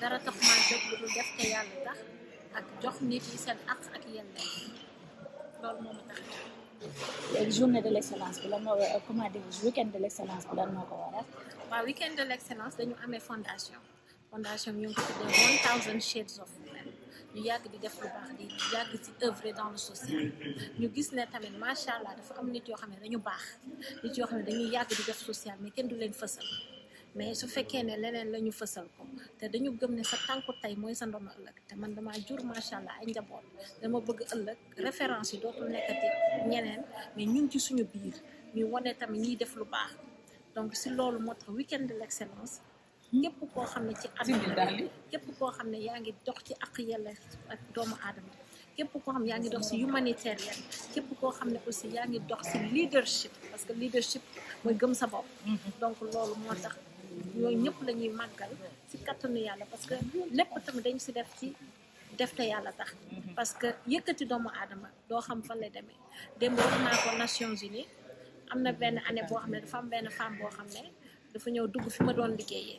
dara tax maa jóg lu dul def te yàlla tax ak jox nit yi seen àq ak yelleef loolu moo ma tax journée de l' excellence bi comment dire weekend de ko waral waaw weekend de l' dañu amee fondation fondation ñu ngi ko tuddee one thousand of red ñu yàgg di def lu baax di yàgg ci œuvrer dans le social ñu gis ne tamit macha dafa am nit yoo xam ne dañu baax nit yoo xam dañuy yàgg di def social mais kenn du leen fësal mais su fekkee ne leneen la ñu fësal ko te dañu gëm ne sa tànku tey mooy sa ndono ëllëg te man damaa jur macha allah ay njaboot dama bëgg ëllëg référence yi dootul nekkati ñeneen mais ñun ci suñu biir ñu wane tamit ñiy def lu baax donc si loolu moo tax weekend de l'excellence ñëpp koo xam ne ci àdduna képp koo xam ne yaa ngi dox ci ak yelle ak doomu aadama képp koo xam ne yaa ngi dox si humanitaire yan képp koo xam ne aussi yaa ngi dox si leadership parce que leadership mooy gëm sa bopp mm-hmm. donc loolu moo tax yooyu ñëpp la ñuy màggal si kattanu yàlla parce que lépp tamit dañu si def ci def te yàlla tax parce que yëkkati doomu aadama doo xam fan la demee démb wax naa ko Nations Unies am na benn année boo xam ne dafa am benn femme boo xam ne dafa ñëw dugg fi ma doon liggéeyee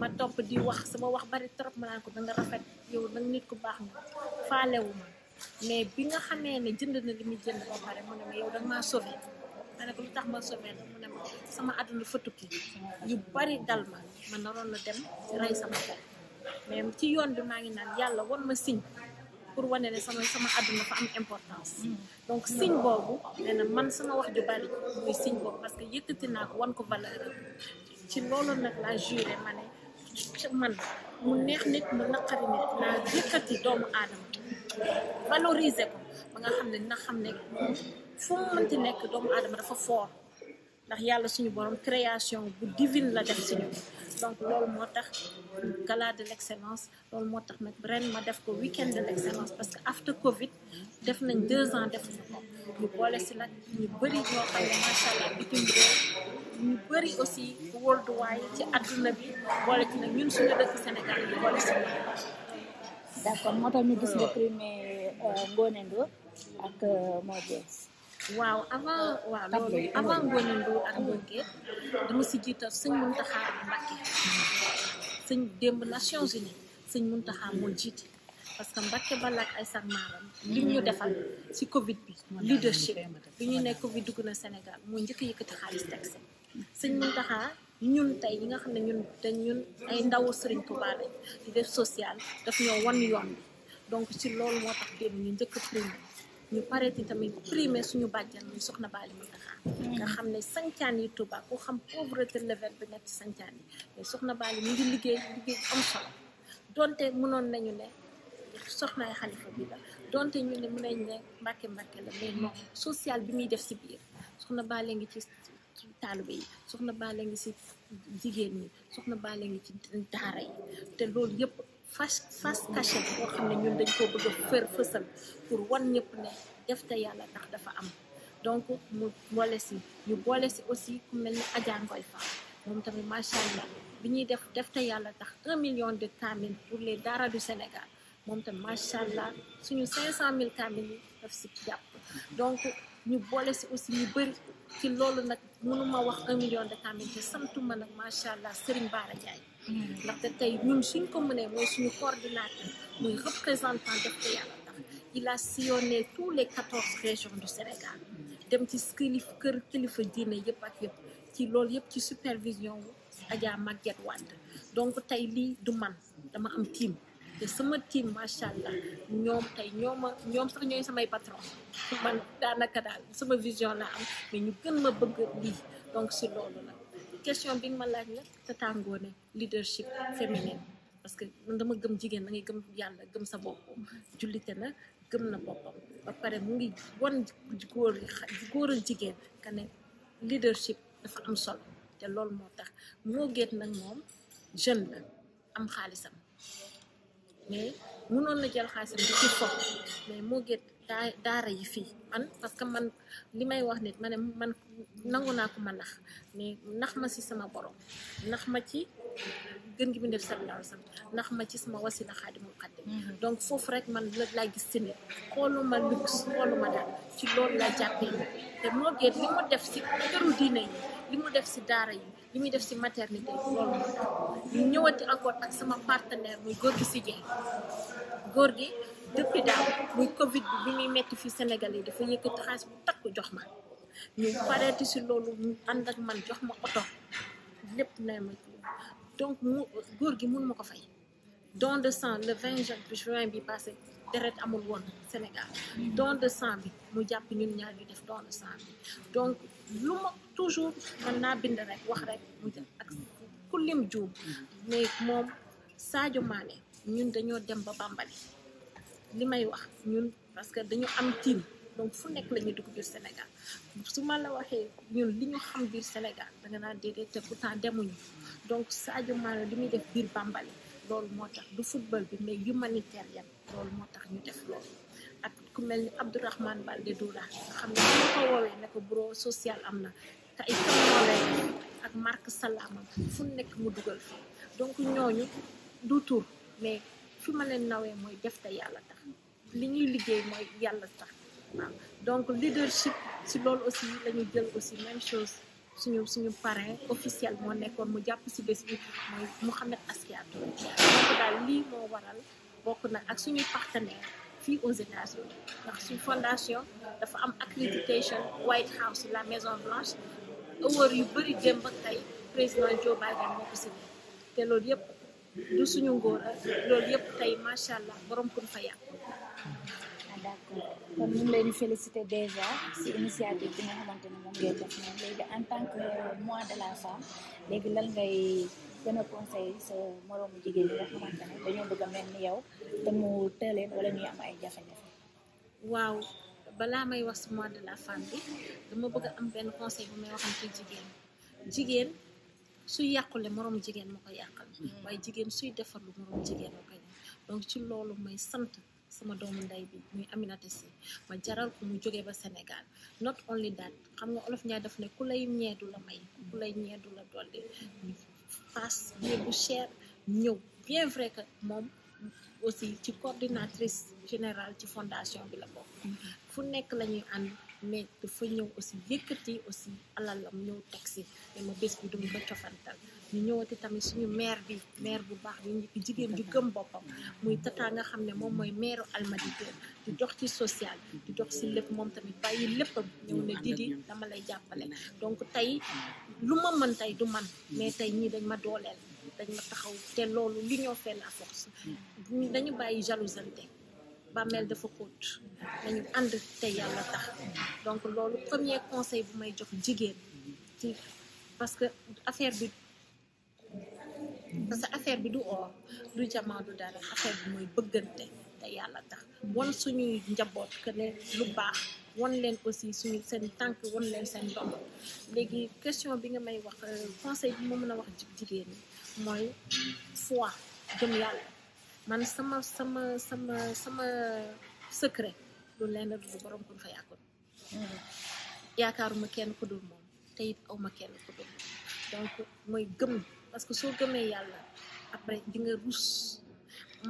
ma topp di wax sama wax bari trop ma naan ko danga rafet yow danga nit ku baax nga faalewu ma mais bi nga xamee ne jënd na li muy jënd ba pare mu ne ma yow danga maa sauvé ma ne ko lu tax ma somee mu ne ma sama àdduna fa tukki yu bari dal ma ma naroon na dem rey sama xel mais ci yoon bi maa ngi naan yàlla won ma signe pour wane ne sama sama àdduna fa am importance mm. donc signe boobu ne na man sama wax ju bari muy signe boobu parce que yëkkati naa ko wan ko valeur ci loolu nag laa juré ma ne man mu neex nit mu naqari nit naa yëkkati doomu aadama valoriser ko ba nga xam ne na xam ne fu mu mënti nekk doomu aadama dafa foor ndax yàlla suñu borom création bu divine la def si ñun donc loolu moo tax gala de l' loolu moo tax nag ren ma def ko weekend de l' excellence parce que after Covid def nañ deux ans def na ko ñu boole si nag ñu bëri ñoo xam ne macha ci adduna bi boole ci nag ñun suñu dëkk Sénégal ñu boole si ñun. d' accord moo tax ñu gis le premier euh, Ngoné Ndour ak euh, Mo Diess. waaw avant waaw loolu avant Ngoné Ndour ak Mbongue dama si jiital sëñ Muntaxa Mbàkke sëñ démb Nations Unies sëñ Muntaxa moo jiite parce que Mbàkke Balla ay sax maaram li ñu defal si Covid bi leadership bi ñu ne Covid dugg na Sénégal mooy njëkk a yëkkati xaalis teg si sëñ Muntaxa ñun tey ñi nga xam ne ñun dañ ñun ay ndawu sëriñ Tuuba def social daf ñoo wan yoon bi donc ci loolu moo tax démb ñu njëkk a ñu pareeti tamit primé suñu bàjjan muy soxna Baali mu taxaa mm. nga xam ne sancaan yi Touba ku xam pauvreté level bi nekk ci sancaan yi soxna Baali mu ngi liggéey liggéey am solo donte munoon nañu ne soxnaay xalifa bi la donte ñu ne mën nañ ne mbàkke mbàkke la mais moom sociale bi muy def si biir soxna Baali ngi ci taalibe yi soxna Baali ngi si jigéen ñi soxna Baali ngi ci daara yi te loolu yëpp fas fas cachette boo xam ne ñun dañ koo bëgg fër fësal pour wan ñëpp ne def te yàlla tax dafa am donc mu boole si ñu boole si aussi ku mel ni Adja Ngoy Fall moom tamit macha allah bi ñuy def defte yàlla tax un million de kaamil pour les daara du Sénégal moom tamit macha allah suñu cinq cent mille kaamil yi daf si jàpp donc ñu boole si aussi ñu bëri ci loolu nag mënuma wax un million de kaamil te santuma nag macha allah Serigne Bara Ndiaye Mm. ndaxte tey ñun suñ ko mënee mooy suñu coordinateur muy représentant def ko yàlla tax il a sillonné tous les quatorze régions du Sénégal dem ci kër kilifa diine yëpp ak yëpp ci loolu yëpp ci supervision wu Adja Maguette Wade donc tey lii du man dama am team te sama team macha allah ñoom tey ñoo ma ñoom sax ñooy samay patron man daanaka daal sama vision la am mais ñu gën ma bëgg lii donc si loolu la. question bi nga ma laaj nag Tata Ngoné leadership féminine parce que dama gëm jigéen da ngay gëm yàlla gëm sa bopp jullite na gëm na boppam ba pare mu ngi won góor góor ak jigéen ka ne leadership dafa am solo te loolu moo tax moo géet nag moom jeune la am xaalisam mais mënoon na jël xaalisam di ci fo mais moo géet daa daara yi fii man parce que man li may wax nit ma man nangu naa ko ma nax mais nax ma si sama borom nax ma ci gën gi mu def sallallahu alayhi wasallam nax ma ci sama mhm. donc foofu rek man la laa gis si nit xooluma luxe xooluma daal ci loolu laa jàppee ma te moo gën li mu def ci këru diine yi li mu def si daara yi li muy def si maternité loolu moo tax ñëwati encore ak sama partenaire muy góor gi si jeex gi depuis daaw muy Covid bi muy metti fi Sénégal yi dafa yëkkati xaalis bu takk jox ma ñu pareeti si loolu mu ànd ak man jox ma oto lépp na ma donc mu góor gi mun ko fay don de sang le 20 juin bi passé deret amul woon Sénégal don de sang bi mu jàpp ñun ñaar ñu def don de sang bi donc lu ma toujours mën naa bind rek wax rek mu jël ak ku lim juum mais moom Sadio ñun dañoo dem ba Bambali li may wax ñun parce que dañu am team donc fu nekk la ñuy dugg biir Sénégal su ma la waxee ñun li ñu xam biir Sénégal danga naa déedéet te pourtant demuñu donc Sadio Mané li muy def biir Bambali loolu moo tax du football bi mais humanitaire yam loolu moo tax ñu def loolu ak ku mel ni Abdourahmane Baldé Doura nga xam ne ñu ko woowee ne ko bureau social am na te ay kamoolay ak marque salaamam fu nekk mu dugal fa donc ñooñu du tur mais fi ma leen nawee mooy def te yàlla tax li ñuy liggéey mooy yàlla tax waaw donc leadership si loolu aussi la ñu jël aussi même chose suñu suñu parrain officiel moo nekkoon mu jàpp si bés mu mooy Mouhamed Askiatou donc daal lii moo waral bokk na ak suñuy partenaire fii aux États-Unis ndax suñu fondation dafa am accréditation White House la Maison Blanche award yu bëri démb ak tey président Joe Biden moo ko si te loolu yëpp du suñu ngóor loolu yëpp tey macha allah borom kun fa yàq. Ah, d'accord kon ñu ngi leen déjà ci initiative bi nga xamante ne moom ngay def noonu léegi en tant mois de la femme léegi lan ngay gën a conseil sa moroomu jigéen ñi nga xamante dañoo bëgg a mel ni yow te mu tëleen wala ñuy am ay jafe-jafe. waaw balaa may wax ci mois de la femme bi dama bëgg am benn conseil bu may waxante jigéen jigéen. suy yàqulee moroom jigéen moo koy yàqal mm. waaye jigéen suy defarlu moroom jigéen moo koy donc ci loolu may sant sama doomu ndey bi muy Aminata Sy ma jaral mu jóge ba Sénégal not only that xam nga olof ñaay def ne ku lay ñeedu la may ku lay ñeedu la dolli paas bu cher ñëw bien vrai que moom aussi ci coordinatrice général ci fondation bi la bokk mm-hmm. fu nekk la ñuy mais dafa ñëw aussi yëkkati aussi alalam ñëw teg si mais ma bés bi duñ ko cofantal ñu ñëwati tamit suñu maire bi maire bu baax bi jigéen ju gëm boppam muy tata nga xam ne moom mooy maire Almadies di dox ci social di dox si lépp moom tamit bàyyi léppam ñëw ne Didi dama lay jàppale donc tey lu ma mën tey du man mais tey ñii dañ ma dooleel dañ ma taxaw te loolu l'union fait la force dañu bàyyi jalousante bàmmeel dafa xóot nañu ànd te yàlla tax donc loolu premier conseil bu may jox jigéen ci parce que affaire bi que affaire bi du or du jamaa du dara affaire bi mooy bëggante te yàlla tax wan suñuy njaboot que lu baax wan leen aussi suñu seen tànk wan leen seen doom léegi question bi nga may wax euh, conseil bi ma mën a wax jigéen ñi mooy foi gëm yàlla man sama sama sama sama secret lu leen la dul borom kon fa yàkkoon mm. yaakaaruma kenn ku dul moom te it awma kenn ku dul donc mooy gëm parce que soo gëmee yàlla après di nga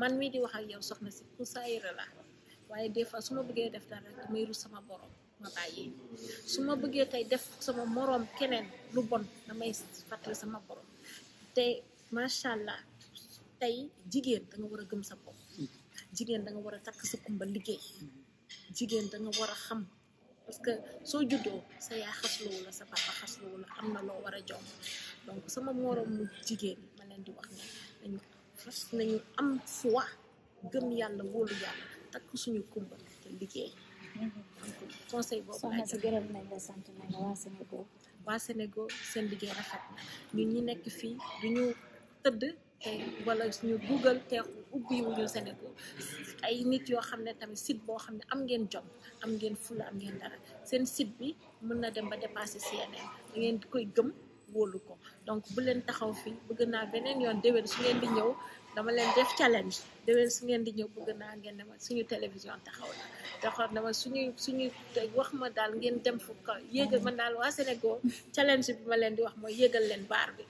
man mii di wax ak yow soxna si pour saa yëre la waaye des fois su ma bëggee def dara damay ruus sama borom ma su ma bëggee tey def sama moroom keneen lu bon damay fàttali sama borom te macha tey jigéen da nga war a gëm sa bopp jigéen da nga war a takk sa kumba liggéey jigéen da nga war a xam parce que soo juddoo sa yaay xasloowu la sa papa xasloowu la am na loo war a jox donc sama morom mu jigéen ma leen di wax ne nañu fas nañu am foi gëm yàlla wóolu yàlla takk suñu kumba te liggéey conseil boobu soxna si gërëm nañ la sant Sénégal seen liggéey rafet na ñun ñi nekk fii duñu tëdd wala ñu google te ubbiwuñu Sénégal ay nit yoo xam ne tamit site boo xam ne am ngeen jom am ngeen fulla am ngeen dara seen site bi mën na dem ba dépassé CNN da ngeen koy gëm wóolu ko donc bu leen taxaw fii bëgg naa beneen yoon déwén su ngeen di ñëw dama leen def challenge déwén su ngeen di ñëw bëgg naa ngeen dema suñu télévision taxaw la taxaw dama suñuy suñuy wax ma daal ngeen dem fu kaw yéegal man daal waa Sénégal challenge bi ma leen di wax mooy yéegal leen baar bi